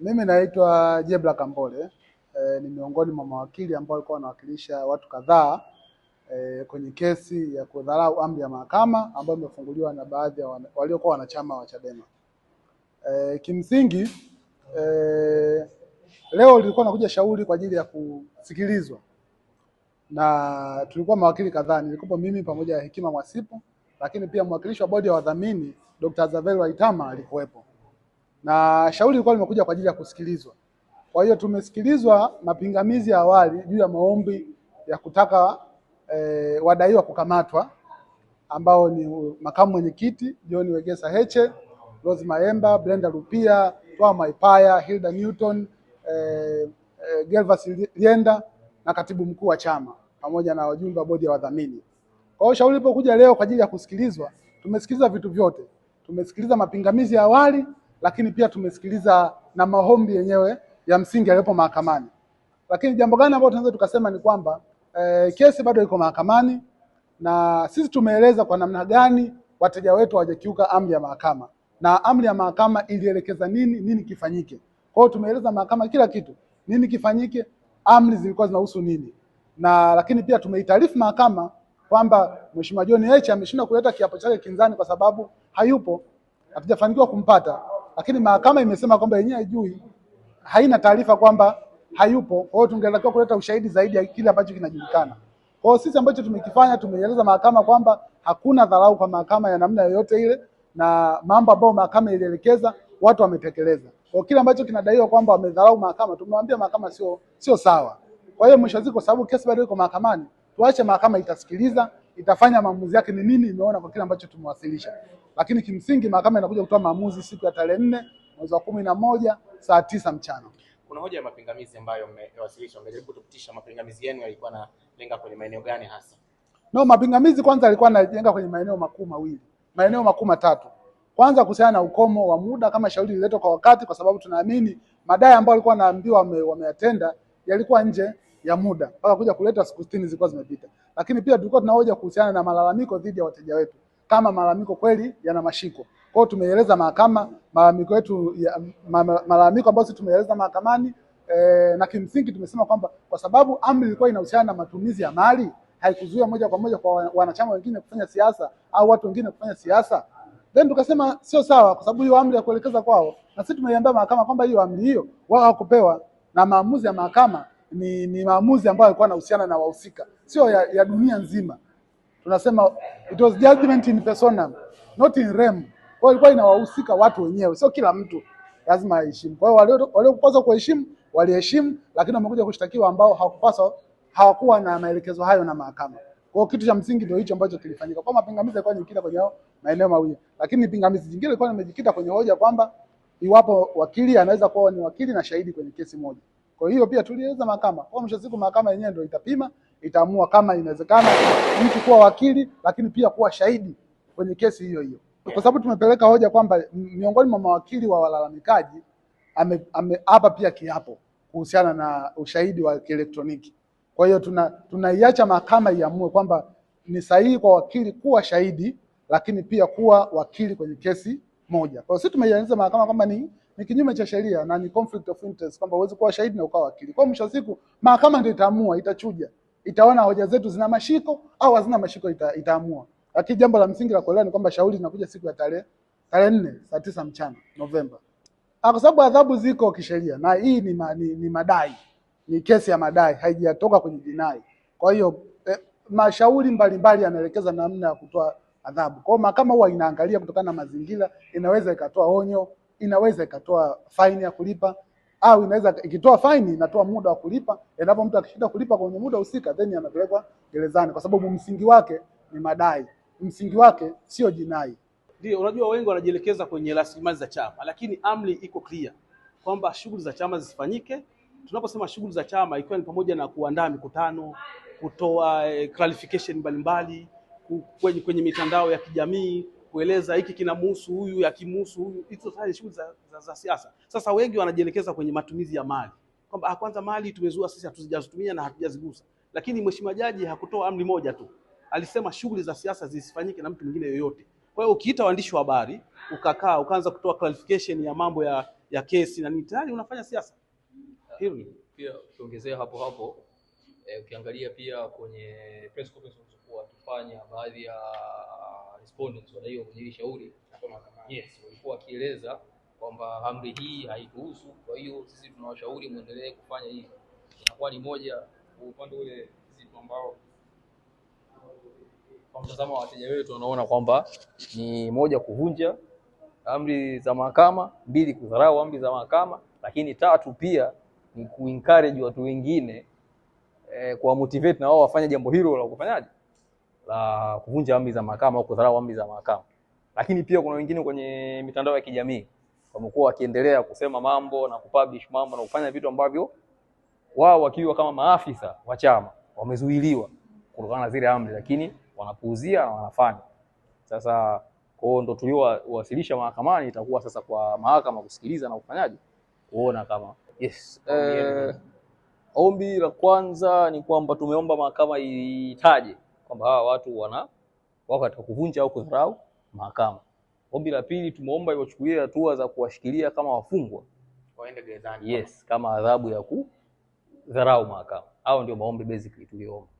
Mimi naitwa Jebla Kambole e, ni miongoni mwa mawakili ambao walikuwa wanawakilisha watu kadhaa e, kwenye kesi ya kudharau amri ya mahakama ambayo imefunguliwa na baadhi ya waliokuwa wanachama wa Chadema. E, kimsingi e, leo lilikuwa nakuja shauri kwa ajili ya kusikilizwa na tulikuwa mawakili kadhaa, nilikuwa mimi pamoja na Hekima Mwasipu, lakini pia mwakilishi wa bodi ya wadhamini Dr. Zaveri Waitama alikuwepo na shauri lilikuwa limekuja kwa ajili ya kusikilizwa. Kwa hiyo tumesikilizwa mapingamizi ya awali juu ya maombi ya kutaka e, eh, wadaiwa kukamatwa ambao ni makamu mwenyekiti John Wegesa Heche, Rose Maemba, Brenda Rupia, Twa Maipaya, Hilda Newton, e, e, Gervas Lienda na katibu mkuu wa chama pamoja na wajumbe wa bodi ya wadhamini. Kwa hiyo shauri lilipokuja leo kwa ajili ya kusikilizwa, tumesikiliza vitu vyote. Tumesikiliza mapingamizi ya awali lakini pia tumesikiliza na maombi yenyewe ya msingi yaliyopo mahakamani. Lakini jambo gani ambalo tunaweza tukasema ni kwamba e, kesi bado iko mahakamani na sisi tumeeleza kwa namna gani wateja wetu hawajakiuka amri ya mahakama na amri ya mahakama ilielekeza nini nini kifanyike. Kwa hiyo tumeeleza mahakama kila kitu, nini kifanyike, amri zilikuwa zinahusu nini, na lakini pia tumeitaarifu mahakama kwamba Mheshimiwa John Heche ameshindwa kuleta kiapo chake kinzani kwa sababu hayupo, hatujafanikiwa kumpata lakini mahakama imesema kwamba yenyewe haijui, haina taarifa kwamba hayupo. Kwa hiyo tungetakiwa kuleta ushahidi zaidi ya kile ambacho kinajulikana. Kwa hiyo sisi ambacho tumekifanya, tumeeleza mahakama kwamba hakuna dharau kwa mahakama ya namna yoyote ile, na mambo ambayo mahakama ilielekeza watu wametekeleza. Kwa kile ambacho kinadaiwa kwamba wamedharau mahakama, tumewambia mahakama sio sio sawa. Kwa hiyo mwisho ziko, sababu kesi bado iko mahakamani, tuache mahakama itasikiliza itafanya maamuzi yake ni nini imeona kwa kile ambacho tumewasilisha. Lakini kimsingi mahakama inakuja kutoa maamuzi siku ya tarehe nne mwezi wa kumi na moja saa tisa mchana. Kuna hoja ya mapingamizi ambayo mmewasilisha, mmejaribu kutupitisha mapingamizi yenu yalikuwa yanalenga kwenye maeneo gani hasa? No, mapingamizi kwanza yalikuwa yanalenga kwenye maeneo makuu mawili, maeneo makuu matatu. Kwanza kuhusiana na ukomo wa muda, kama shauri lililetwa kwa wakati, kwa sababu tunaamini madai ambayo walikuwa wanaambiwa wameyatenda yalikuwa nje ya muda mpaka kuja kuleta siku 60 zilikuwa zimepita. Lakini pia tulikuwa tunahoja kuhusiana na malalamiko dhidi ya wateja wetu, kama malalamiko kweli yana mashiko. Kwa hiyo tumeeleza mahakama malalamiko yetu, ya, ma, ma, malalamiko ambayo sisi tumeeleza mahakamani e, na kimsingi tumesema kwamba kwa sababu amri ilikuwa inahusiana na matumizi ya mali, haikuzuia moja kwa moja kwa wanachama wengine kufanya siasa au watu wengine kufanya siasa, then tukasema sio sawa, kwa sababu hiyo amri ya kuelekeza kwao, na sisi tumeiambia mahakama kwamba hiyo amri hiyo wao hawakupewa na maamuzi ya mahakama ni, ni maamuzi ambayo yalikuwa yanahusiana na wahusika, sio ya, ya dunia nzima. Tunasema it was judgment in persona not in rem. Kwa hiyo ilikuwa inawahusika watu wenyewe, sio kila mtu lazima aheshimu. Kwa hiyo waliopaswa kuheshimu waliheshimu, lakini wamekuja kushtakiwa ambao hawakupaswa, hawakuwa na maelekezo hayo na mahakama. Kwa kitu cha msingi ndio hicho ambacho kilifanyika, kwa mapingamizi yalikuwa yamejikita kwenye maeneo mawili, lakini pingamizi jingine ilikuwa imejikita kwenye hoja kwamba iwapo wakili anaweza kuwa ni wakili na shahidi kwenye kesi moja. Kwa hiyo pia tulieleza mahakama kwa mwisho siku, mahakama yenyewe ndio itapima, itaamua kama inawezekana mtu kuwa wakili, lakini pia kuwa shahidi kwenye kesi hiyo hiyo, kwa sababu tumepeleka hoja kwamba miongoni mwa mawakili wa walalamikaji ameapa pia kiapo kuhusiana na ushahidi wa kielektroniki. Kwa hiyo tuna tunaiacha mahakama iamue kwamba ni sahihi kwa wakili kuwa shahidi, lakini pia kuwa wakili kwenye kesi moja. Kwa hiyo sisi tumeieleza mahakama kwamba ni ni kinyume cha sheria na ni conflict of interest, kwamba huwezi kuwa shahidi na ukawa wakili. Kwa mwisho wa siku mahakama ndio itaamua, itachuja, itaona hoja zetu zina mashiko au hazina mashiko, ita, itaamua. Lakini jambo la msingi la kuelewa ni kwamba shauri linakuja siku ya tarehe tarehe nne saa tisa mchana Novemba, ah, kwa sababu adhabu ziko kisheria na hii ni, ma, ni, ni madai, ni kesi ya madai, haijatoka kwenye jinai. Kwa hiyo eh, mashauri mbalimbali yanaelekeza namna ya kutoa adhabu. Kwa hiyo mahakama huwa inaangalia kutokana na mazingira, inaweza ikatoa onyo inaweza ikatoa faini ya kulipa au inaweza ikitoa faini inatoa muda wa kulipa. Endapo mtu akishinda kulipa kwenye muda husika, then anapelekwa gerezani, kwa sababu msingi wake ni madai, msingi wake sio jinai. Ndio, unajua wengi wanajielekeza kwenye rasilimali za chama, lakini amri iko clear kwamba shughuli za chama zisifanyike. Tunaposema shughuli za chama, ikiwa ni pamoja na kuandaa mikutano, kutoa eh, clarification mbalimbali kwenye, kwenye mitandao ya kijamii kueleza hiki kinamhusu huyu, yakimhusu huyu. Hizo sasa shughuli za, za, za siasa. Sasa wengi wanajielekeza kwenye matumizi ya mali kwamba ah, kwanza mali tumezua sisi, hatuzijazitumia na hatujazigusa. Lakini mheshimiwa jaji hakutoa amri moja tu, alisema shughuli za siasa zisifanyike na mtu mwingine yoyote. Kwa hiyo ukiita waandishi wa habari ukakaa ukaanza kutoa clarification ya mambo ya, ya kesi na nini, tayari unafanya siasa. Hilo pia ukiongezea hapo hapo eh, ukiangalia pia kwenye press conference tulizokuwa tufanya baadhi ya correspondence hiyo kwenye shauri yes, walikuwa wakieleza kwamba amri hii haituhusu. Kwa hiyo sisi tunawashauri muendelee kufanya hivi, inakuwa ni moja upande ule zitu ambao kwa mtazamo wa wateja wetu wanaona kwamba ni moja, kuvunja amri za mahakama; mbili, kudharau amri za mahakama; lakini tatu pia ni kuencourage watu wengine eh, motivate na wao wafanye jambo hilo la kufanyaje la kuvunja amri za mahakama au kudharau amri za mahakama. Lakini pia kuna wengine kwenye mitandao ya kijamii wamekuwa wakiendelea kusema mambo na kupublish mambo na kufanya vitu ambavyo wao wakiwa kama maafisa wa chama wamezuiliwa kutokana na zile amri, lakini wanapuuzia na wanafanya. Sasa kwao ndo tuliowasilisha mahakamani, itakuwa sasa kwa mahakama kusikiliza na ufanyaji kuona kama yes. Eh, ombi la kwanza ni kwamba tumeomba mahakama itaje kwamba hawa watu wana wako katika kuvunja au kudharau mahakama. Ombi la pili tumeomba iwachukulie hatua za kuwashikilia kama wafungwa waende gerezani, yes, kama adhabu ya kudharau mahakama. Hao ndio maombi basically tuliyoomba.